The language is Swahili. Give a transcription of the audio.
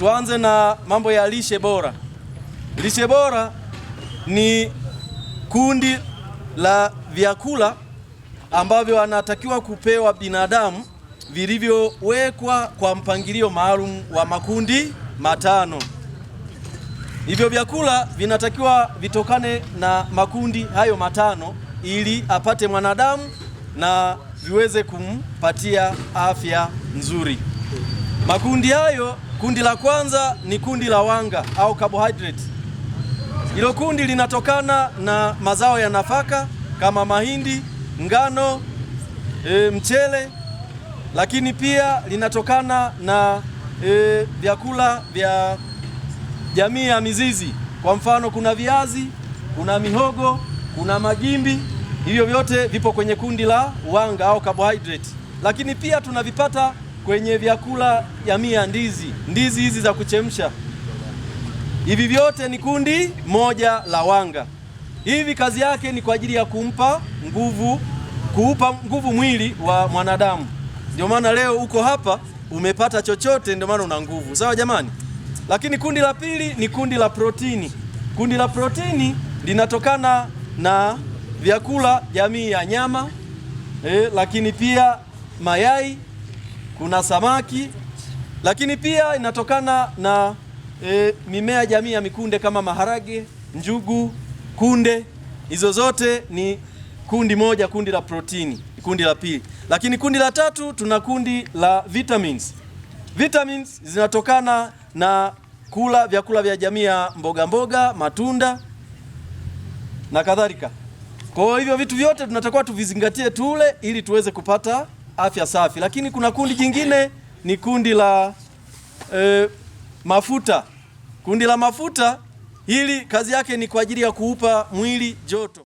tuanze na mambo ya lishe bora. Lishe bora ni kundi la vyakula ambavyo anatakiwa kupewa binadamu vilivyowekwa kwa mpangilio maalum wa makundi matano. Hivyo vyakula vinatakiwa vitokane na makundi hayo matano ili apate mwanadamu na viweze kumpatia afya nzuri. Makundi hayo, kundi la kwanza ni kundi la wanga au carbohydrate. Hilo kundi linatokana na mazao ya nafaka kama mahindi, ngano, e, mchele, lakini pia linatokana na e, vyakula vya jamii ya mizizi. Kwa mfano, kuna viazi, kuna mihogo, kuna magimbi. Hivyo vyote vipo kwenye kundi la wanga au carbohydrate, lakini pia tunavipata kwenye vyakula jamii ya ndizi, ndizi hizi za kuchemsha, hivi vyote ni kundi moja la wanga. Hivi kazi yake ni kwa ajili ya kumpa nguvu, kuupa nguvu mwili wa mwanadamu. Ndio maana leo uko hapa umepata chochote, ndio maana una nguvu. Sawa jamani? Lakini kundi la pili ni kundi la protini. Kundi la protini linatokana na vyakula jamii ya nyama eh, lakini pia mayai kuna samaki, lakini pia inatokana na e, mimea jamii ya mikunde kama maharage, njugu, kunde. Hizo zote ni kundi moja, kundi la protini, kundi la pili. Lakini kundi la tatu tuna kundi la vitamins. Vitamins zinatokana na kula vyakula vya jamii ya mboga mboga, matunda na kadhalika. Kwa hivyo vitu vyote tunatakiwa tuvizingatie tule ili tuweze kupata afya safi, lakini kuna kundi jingine ni kundi la e, mafuta. Kundi la mafuta hili kazi yake ni kwa ajili ya kuupa mwili joto.